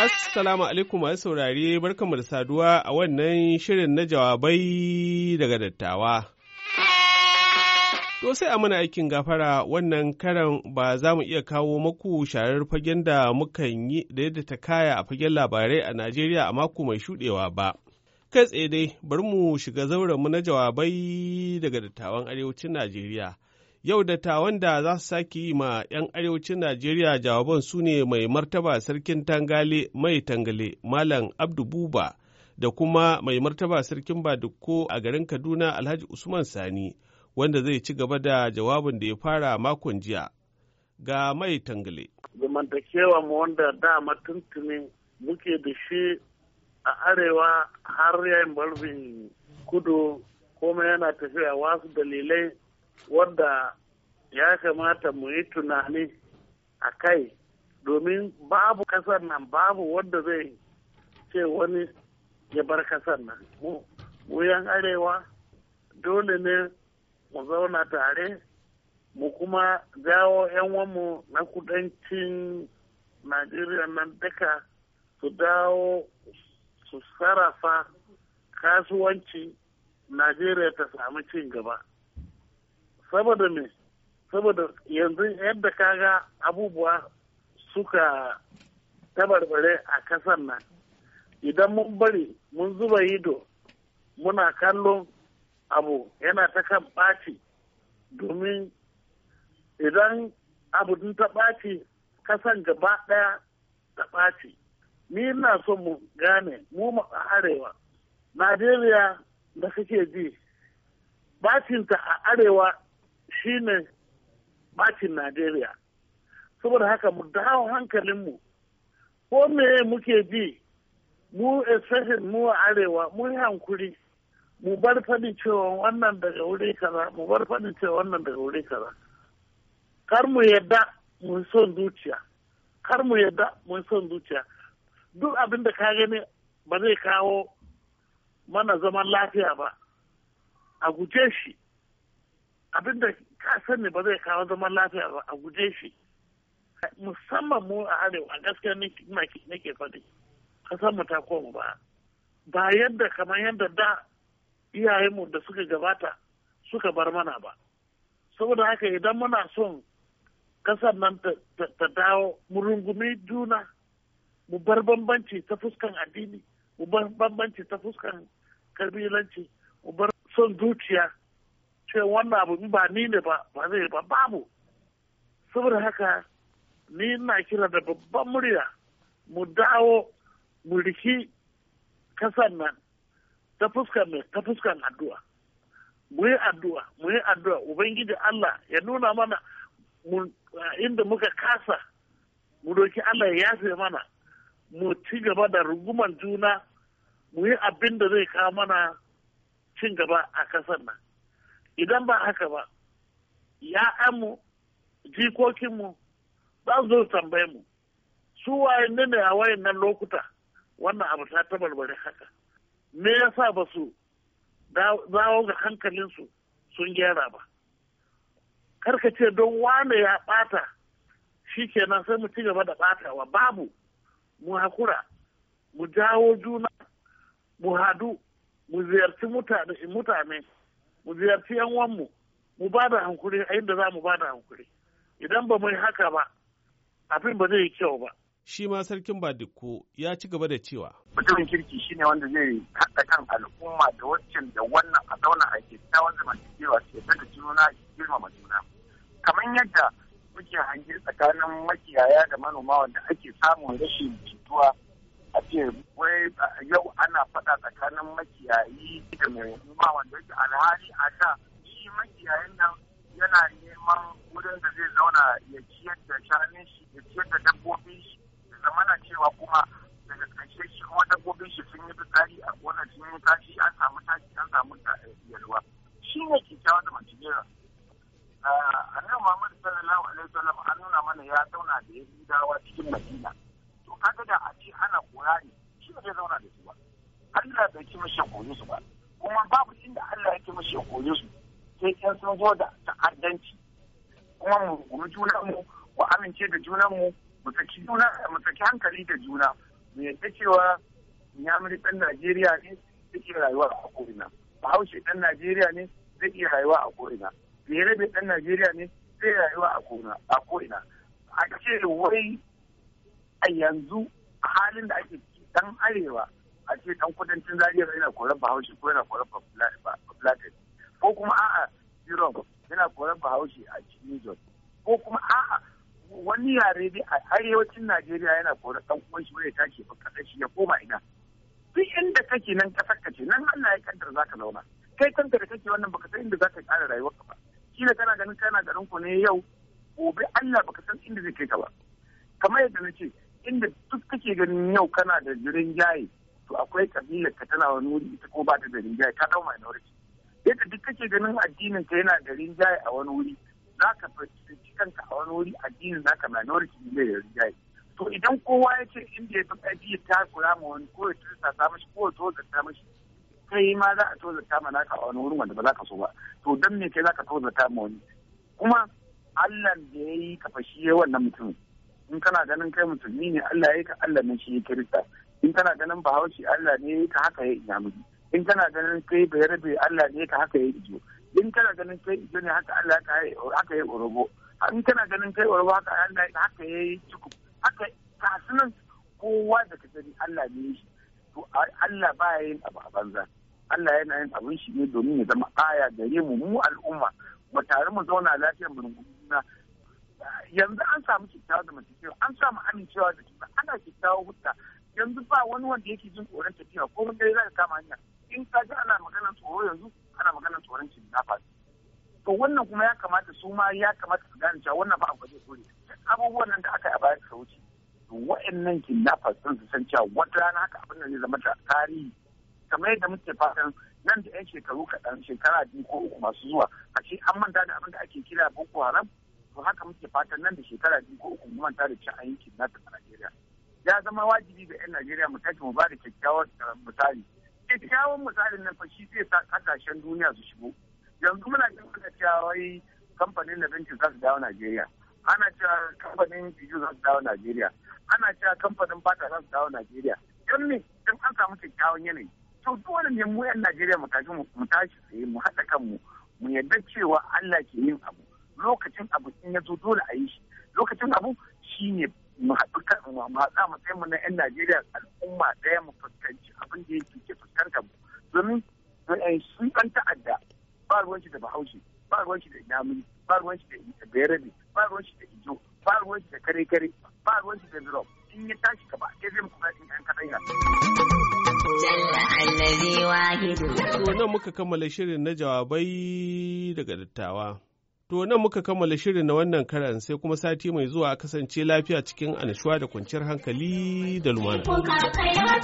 Assalamu alaikum masu saurare barkanmu da saduwa a wannan shirin na jawabai daga dattawa. To sai a mana aikin gafara wannan karan ba za mu iya kawo maku sharar fagen da mukan yi da yadda ta kaya a fagen labarai a Najeriya a mako mai shuɗewa ba. Kai tsaye dai bari mu shiga zauren mu na jawabai daga dattawan arewacin Najeriya. Yau dattawan da za su sake yi ma 'yan arewacin Najeriya jawaban su ne mai martaba sarkin Tangale mai Tangale Malam Abdu Buba da kuma mai martaba sarkin Badukko a garin Kaduna Alhaji Usman Sani wanda zai ci gaba da jawabin da ya fara makon jiya ga mai Tangale. Zamantakewa mu wanda dama tuntunin muke da shi a arewa har yayin barbin kudu kuma yana tafiya wasu dalilai wadda ya kamata mu yi tunani a kai domin babu kasar nan babu wanda zai ce wani ya bar kasar nan mu yan arewa dole ne mu zauna tare mu kuma jawo 'yan mu na kudancin najeriya nan duka su dawo su sarrafa kasuwanci najeriya ta samu cin gaba saboda me saboda yanzu yadda kaga abubuwa suka tabarbare a kasan nan idan mun bari mun zuba ido muna kallon abu yana ta kan ɓaci domin idan abu ta ɓaci kasan gaba ɗaya ta ɓaci ni na so mu gane mu a arewa najeriya da kake ji bacinta a arewa shine bacin Najeriya. Saboda haka mu dawo hankalinmu, ko me muke bi mu especially mu a arewa, mu yi hankuri, mu bar faɗi cewa wannan daga wuri kaza, mu bar faɗi cewa wannan daga wuri kaza. Kar mu yadda mu son zuciya, kar mu yadda mu son zuciya. Duk abin da ka gani ba zai kawo mana zaman lafiya ba, a guje shi. abin da kasan ne ba zai kawo zaman lafiya ba a guje shi musamman mu a arewa gaskiya nake faɗi kasan mu ta koma ba ba yadda kamar yadda da iyayenmu da suka gabata suka bar mana ba saboda haka idan muna son kasar nan ta dawo mu rungumi juna mu bar bambanci ta fuskan addini mu bar bambanci ta fuskan kabilanci mu bar son zuciya ce wannan abu ba ni ne ba ba zai ba babu saboda haka ni na kira da babban murya mu dawo mu riki kasan nan ta fuskar mai ta fuskar addu'a mu yi addu'a mu yi addu'a ubangiji Allah ya nuna mana inda muka kasa mu doki Allah ya yafe mana mu ci gaba da ruguman juna mu yi abin da zai kawo mana cin gaba a kasar nan idan ba haka ba ya amu jikokinmu ba su zo tambaye mu su waye ne a wayannan lokuta wannan abu ta tabarbare haka me yasa ba su dawo ga hankalinsu sun gyara ba karka ce don wane ya bata shi kenan sai mu ci gaba da batawa babu mu hakura mu jawo juna mu hadu mu ziyarci mutane mu ziyarci yan wanmu, mu ba da hankuri a inda za mu ba da hankuri idan ba mu yi haka ba abin ba zai yi kyau ba shi ma sarkin Badikko ya ci gaba da cewa. Mutumin kirki shine wanda zai haɗa kan al'umma da waccan da wannan a zauna a kyakkyawan zamantakewa su da juna girmama juna. Kamar yadda muke hange tsakanin makiyaya da manoma wanda ake samun rashin jituwa ce wai eh, yau ana faɗa tsakanin makiyayi da mai noma wanda yake alhali a da shi makiyayin nan yana neman wurin da zai zauna ya ciyar da shanun shi ya ciyar da dabbobin shi da zamana cewa kuma daga ƙarshe shi kuma dabbobin shi sun yi fitsari a gona sun yi tashi an samu tashi an samu eh, yalwa shi ne kyakkyawa da mace jera eh, annabi Muhammad sallallahu alaihi wasallam an nuna mana ya zauna da ya dawa cikin mai ana kora ne shi ne zai zauna da su ba Allah bai ci mashi koyo su ba kuma babu inda Allah ya ci mashi koyo su sai in sun zo da ta'addanci kuma mu gumi juna mu mu amince da junan mu mu saki juna mu saki hankali da juna mu yadda cewa Nyamuri ɗan Najeriya ne zai iya rayuwa a ko'ina. Bahaushe ɗan Najeriya ne zai iya rayuwa a ko'ina. bai ɗan Najeriya ne zai rayuwa a ko'ina. A ce wai a yanzu halin da ake dan arewa a ce dan kudancin zariya yana koran bahaushe ko yana koran bafulatin ko kuma a'a jiron yana koran bahaushe a cikin jos ko kuma a'a wani yare ne a arewacin najeriya yana koran dan kuma shi ya tashi ba kasar shi ya koma ina duk inda kake nan kasar ka ce nan Allah ya kaddara zaka zauna kai kanka da kake wannan baka san inda zaka kara rayuwarka ba shi da kana ganin kana garin ku ne yau gobe Allah baka san inda zai kai ka ba kamar yadda na ce inda kake ganin yau kana da jirin jaye to akwai kabilar ka tana wani wuri ita ko ba ta da rinjaye ta dau minority yadda duk kake ganin addinin ka yana da rinjaye a wani wuri za ka fahimci kanka a wani wuri addinin za ka minority ne da rinjaye to idan kowa ya ce inda ya taɓa ajiye ta kula ma wani ko ya tursa ta mashi ko ya ta mashi kai ma za a ta ma naka a wani wurin wanda ba za ka so ba to dan me kai za ka ta ma wani kuma Allah da ya yi ka fashi wannan mutumin in kana ganin kai musulmi ne Allah ya yi ka Allah ne shi ya kirista in kana ganin bahaushe Allah ne ya yi ka haka ya inyamuri in kana ganin kai bayarbe Allah ne ka haka ya ijo in kana ganin kai ijo ne haka Allah ka haka ya orobo in kana ganin kai orobo haka Allah haka ya yi cuku haka kasunan kowa da ka sani Allah ne shi to Allah ba ya yin abu a banza Allah yana yin abin shi ne domin ya zama aya gare mu mu al'umma mu tare mu zauna lafiyar mu rungumuna yanzu an samu kyakkyawa da mace an samu amincewa da juna ana kyakkyawa hudda yanzu ba wani wanda yake jin tsoron tafiya ko wanda za ka kama hanya in ka ji ana maganar tsoro yanzu ana maganar tsoron kidnapper to wannan kuma ya kamata su ma ya kamata su gane cewa wannan ba abu gwaje dore abubuwan nan da aka yi a baya suka wuce wa'annan kidnappers sun su san cewa wata rana haka abin da zai zama tarihi kamar yadda muke fatan nan da 'yan shekaru kaɗan shekara biyu ko uku masu zuwa a ce an manta da abin da ake kira boko haram to haka muke fatan nan da shekara biyu ko uku mu manta da cin ayyukan nata ta Najeriya ya zama wajibi ga 'yan Najeriya mu tafi mu ba da kyakkyawar eh, misali kyakkyawan misalin nan fa shi zai sa kasashen duniya su shigo yanzu muna jin muna cewa wai kamfanin da benci za su dawo Najeriya ana cewa kamfanin biju za su dawo Najeriya ana cewa kamfanin bata za su dawo Najeriya don me don an samu kyakkyawan yanayi to dole ne mu 'yan Najeriya mu tashi mu tashi mu haɗa kanmu mu yarda cewa Allah ke yin abu lokacin abu in ya zo dole a yi shi lokacin abu shi ne mu mu matsayin mu na 'yan Najeriya al'umma ɗaya mu fuskanci abin da yake ke fuskanta mu domin eh, sun ɗan ta'adda ba ruwan shi da bahaushe ba ruwan shi da inamuni ba ruwan shi da bayarabe ba ruwan shi da ijo ba ruwan shi da kare kare ba ruwan shi da zuro in ya tashi gaba ke zai muku ɗin ɗan kaɗan ya. To nan muka kammala shirin na jawabai daga dattawa. To nan muka kammala shirin na wannan karan sai kuma sati mai zuwa kasance lafiya cikin annashuwa da kwanciyar hankali da lumana. Kuka kai mana,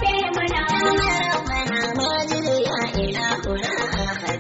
mana, mana,